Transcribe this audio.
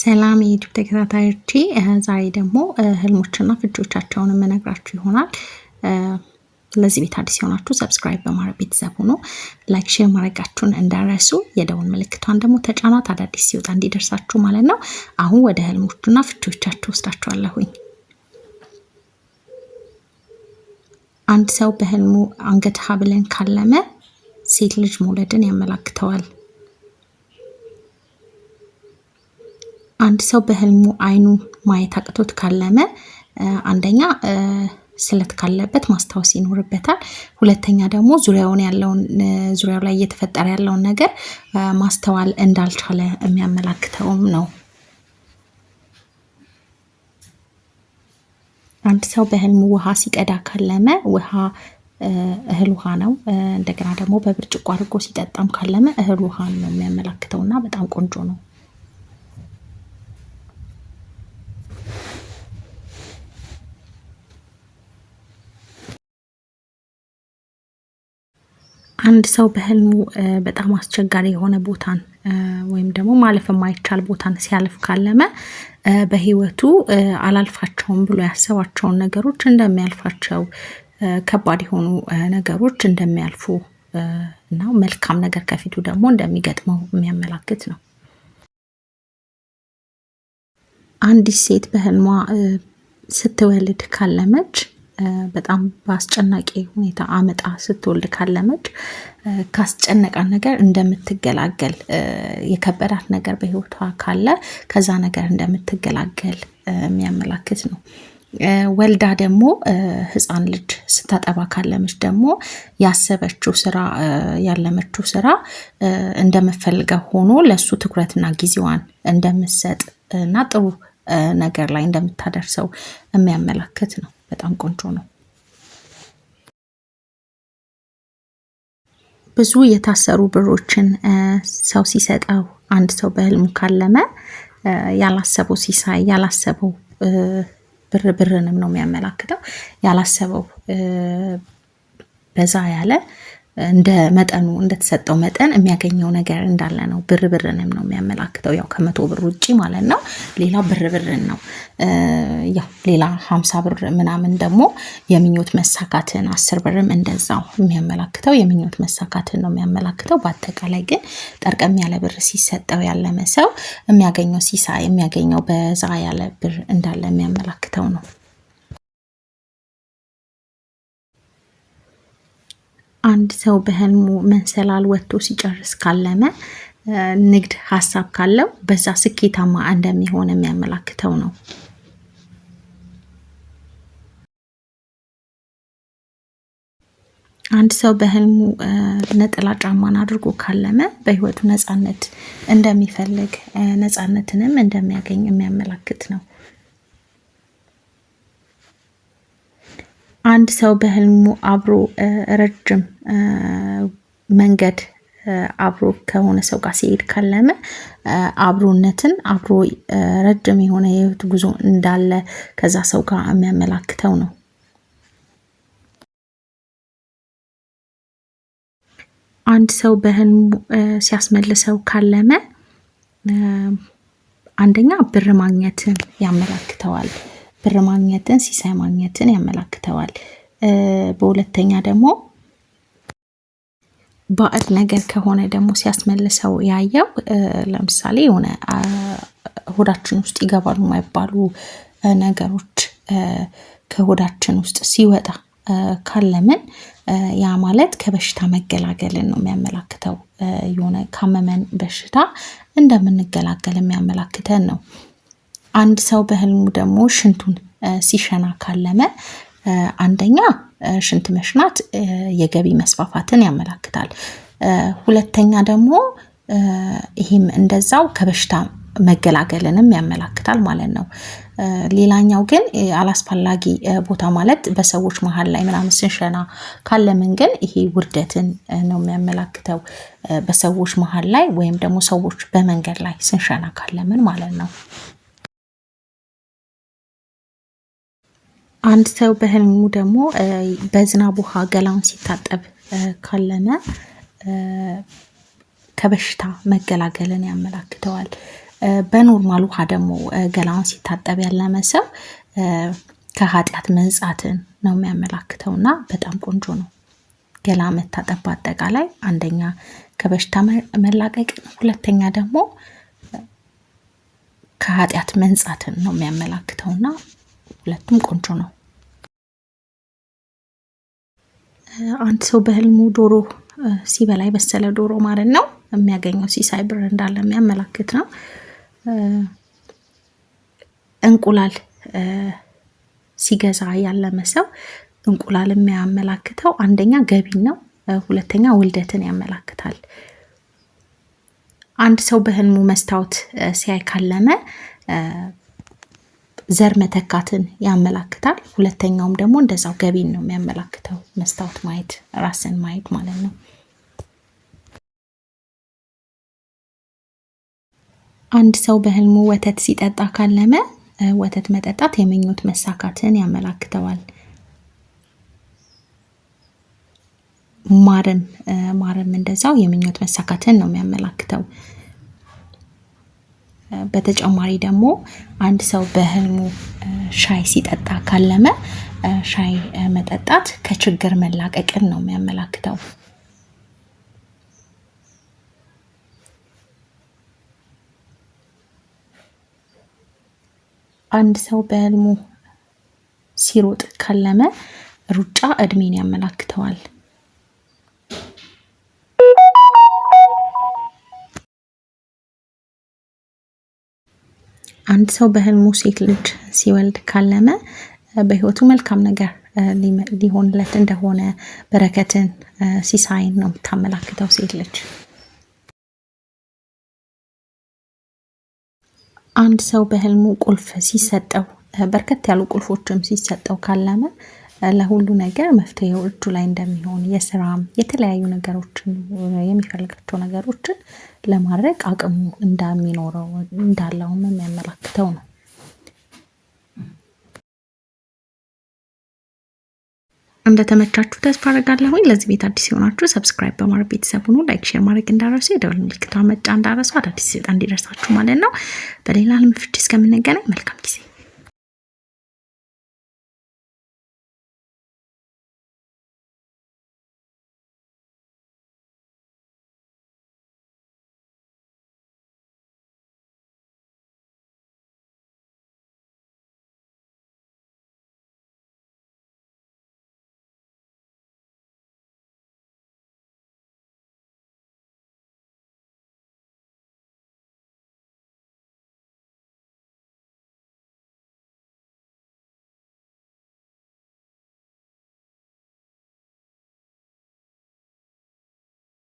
ሰላም የዩቲዩብ ተከታታዮቼ፣ ዛሬ ደግሞ ህልሞችና ፍቾቻቸውን የምነግራችሁ ይሆናል። ለዚህ ቤት አዲስ የሆናችሁ ሰብስክራይብ በማድረግ ቤተሰብ ሆኖ ላይክ፣ ሼር ማድረጋችሁን እንዳረሱ፣ የደውን ምልክቷን ደግሞ ተጫኗት፣ አዳዲስ ሲወጣ እንዲደርሳችሁ ማለት ነው። አሁን ወደ ህልሞቹና ፍቾቻችሁ ወስዳችኋለሁኝ። አንድ ሰው በህልሙ አንገት ሀብልን ካለመ ሴት ልጅ መውለድን ያመላክተዋል። አንድ ሰው በህልሙ አይኑ ማየት አቅቶት ካለመ አንደኛ ስለት ካለበት ማስታወስ ይኖርበታል። ሁለተኛ ደግሞ ዙሪያውን ያለውን ዙሪያው ላይ እየተፈጠረ ያለውን ነገር ማስተዋል እንዳልቻለ የሚያመላክተውም ነው። አንድ ሰው በህልሙ ውሃ ሲቀዳ ካለመ ውሃ እህል ውሃ ነው። እንደገና ደግሞ በብርጭቆ አድርጎ ሲጠጣም ካለመ እህል ውሃ ነው የሚያመላክተውና በጣም ቆንጆ ነው። አንድ ሰው በህልሙ በጣም አስቸጋሪ የሆነ ቦታን ወይም ደግሞ ማለፍ የማይቻል ቦታን ሲያልፍ ካለመ በህይወቱ አላልፋቸውም ብሎ ያሰባቸውን ነገሮች እንደሚያልፋቸው፣ ከባድ የሆኑ ነገሮች እንደሚያልፉ እና መልካም ነገር ከፊቱ ደግሞ እንደሚገጥመው የሚያመላክት ነው። አንዲት ሴት በህልሟ ስትወልድ ካለመች በጣም በአስጨናቂ ሁኔታ አመጣ ስትወልድ ካለመች ካስጨነቃት ነገር እንደምትገላገል የከበዳት ነገር በህይወቷ ካለ ከዛ ነገር እንደምትገላገል የሚያመላክት ነው። ወልዳ ደግሞ ህፃን ልጅ ስታጠባ ካለመች ደግሞ ያሰበችው ስራ ያለመችው ስራ እንደምፈልገው ሆኖ ለሱ ትኩረትና ጊዜዋን እንደምትሰጥ እና ጥሩ ነገር ላይ እንደምታደርሰው የሚያመላክት ነው። በጣም ቆንጆ ነው። ብዙ የታሰሩ ብሮችን ሰው ሲሰጠው አንድ ሰው በህልሙ ካለመ ያላሰበው ሲሳይ ያላሰበው ብር ብርንም ነው የሚያመላክተው። ያላሰበው በዛ ያለ እንደ መጠኑ እንደተሰጠው መጠን የሚያገኘው ነገር እንዳለ ነው። ብር ብርንም ነው የሚያመላክተው፣ ያው ከመቶ ብር ውጭ ማለት ነው። ሌላ ብር ብርን ነው። ያው ሌላ ሀምሳ ብር ምናምን ደግሞ የምኞት መሳካትን፣ አስር ብርም እንደዛው የሚያመላክተው የምኞት መሳካትን ነው የሚያመላክተው። በአጠቃላይ ግን ጠርቀም ያለ ብር ሲሰጠው ያለመ ሰው የሚያገኘው ሲሳይ የሚያገኘው በዛ ያለ ብር እንዳለ የሚያመላክተው ነው። አንድ ሰው በህልሙ መንሰላል ወጥቶ ሲጨርስ ካለመ ንግድ ሀሳብ ካለው በዛ ስኬታማ እንደሚሆን የሚያመላክተው ነው። አንድ ሰው በህልሙ ነጠላ ጫማን አድርጎ ካለመ በህይወቱ ነፃነት እንደሚፈልግ ነፃነትንም እንደሚያገኝ የሚያመላክት ነው። አንድ ሰው በህልሙ አብሮ ረጅም መንገድ አብሮ ከሆነ ሰው ጋር ሲሄድ ካለመ አብሮነትን አብሮ ረጅም የሆነ የህይወት ጉዞ እንዳለ ከዛ ሰው ጋር የሚያመላክተው ነው። አንድ ሰው በህልሙ ሲያስመልሰው ካለመ አንደኛ ብር ማግኘትን ያመላክተዋል። ብር ማግኘትን፣ ሲሳይ ማግኘትን ያመላክተዋል። በሁለተኛ ደግሞ ባዕድ ነገር ከሆነ ደግሞ ሲያስመልሰው ያየው ለምሳሌ የሆነ ሆዳችን ውስጥ ይገባሉ የማይባሉ ነገሮች ከሆዳችን ውስጥ ሲወጣ ካለምን ያ ማለት ከበሽታ መገላገልን ነው የሚያመላክተው። የሆነ ካመመን በሽታ እንደምንገላገል የሚያመላክተን ነው። አንድ ሰው በህልሙ ደግሞ ሽንቱን ሲሸና ካለመ አንደኛ ሽንት መሽናት የገቢ መስፋፋትን ያመላክታል። ሁለተኛ ደግሞ ይህም እንደዛው ከበሽታ መገላገልንም ያመላክታል ማለት ነው። ሌላኛው ግን አላስፈላጊ ቦታ ማለት በሰዎች መሀል ላይ ምናምን ስንሸና ካለምን ግን ይሄ ውርደትን ነው የሚያመላክተው። በሰዎች መሀል ላይ ወይም ደግሞ ሰዎች በመንገድ ላይ ስንሸና ካለምን ማለት ነው። አንድ ሰው በህልሙ ደግሞ በዝናብ ውሃ ገላውን ሲታጠብ ካለነ ከበሽታ መገላገልን ያመላክተዋል። በኖርማል ውሃ ደግሞ ገላውን ሲታጠብ ያለመ ሰው ከኃጢአት መንጻትን ነው የሚያመላክተው እና በጣም ቆንጆ ነው። ገላ መታጠብ በአጠቃላይ አንደኛ ከበሽታ መላቀቅን፣ ሁለተኛ ደግሞ ከኃጢአት መንጻትን ነው የሚያመላክተውና ሁለቱም ቆንጆ ነው። አንድ ሰው በህልሙ ዶሮ ሲበላ የበሰለ ዶሮ ማለት ነው የሚያገኘው ሲሳይ ብር እንዳለ የሚያመላክት ነው። እንቁላል ሲገዛ ያለመ ሰው እንቁላል የሚያመላክተው አንደኛ ገቢን ነው፣ ሁለተኛ ውልደትን ያመላክታል። አንድ ሰው በህልሙ መስታወት ሲያይ ካለመ ዘር መተካትን ያመላክታል። ሁለተኛውም ደግሞ እንደዛው ገቢን ነው የሚያመላክተው። መስታወት ማየት ራስን ማየት ማለት ነው። አንድ ሰው በህልሙ ወተት ሲጠጣ ካለመ ወተት መጠጣት የምኞት መሳካትን ያመላክተዋል። ማርም ማርም እንደዛው የምኞት መሳካትን ነው የሚያመላክተው። በተጨማሪ ደግሞ አንድ ሰው በህልሙ ሻይ ሲጠጣ ካለመ ሻይ መጠጣት ከችግር መላቀቅን ነው የሚያመላክተው። አንድ ሰው በህልሙ ሲሮጥ ካለመ ሩጫ እድሜን ያመላክተዋል። አንድ ሰው በህልሙ ሴት ልጅ ሲወልድ ካለመ በህይወቱ መልካም ነገር ሊሆንለት እንደሆነ በረከትን፣ ሲሳይን ነው የምታመላክተው ሴት ልጅ። አንድ ሰው በህልሙ ቁልፍ ሲሰጠው በርከት ያሉ ቁልፎችም ሲሰጠው ካለመ ለሁሉ ነገር መፍትሄው እጁ ላይ እንደሚሆን የስራም የተለያዩ ነገሮችን የሚፈልጋቸው ነገሮችን ለማድረግ አቅሙ እንደሚኖረው እንዳለውም የሚያመላክተው ነው። እንደተመቻችሁ ተስፋ አድርጋለሁኝ። ለዚህ ቤት አዲስ የሆናችሁ ሰብስክራይብ በማድረግ ቤተሰብ ሁኑ። ላይክ፣ ሼር ማድረግ እንዳረሱ የደወል ምልክቷ መጫ እንዳረሱ አዳዲስ ሲወጣ እንዲደርሳችሁ ማለት ነው። በሌላ ህልም ፍቺ እስከምንገናኝ መልካም ጊዜ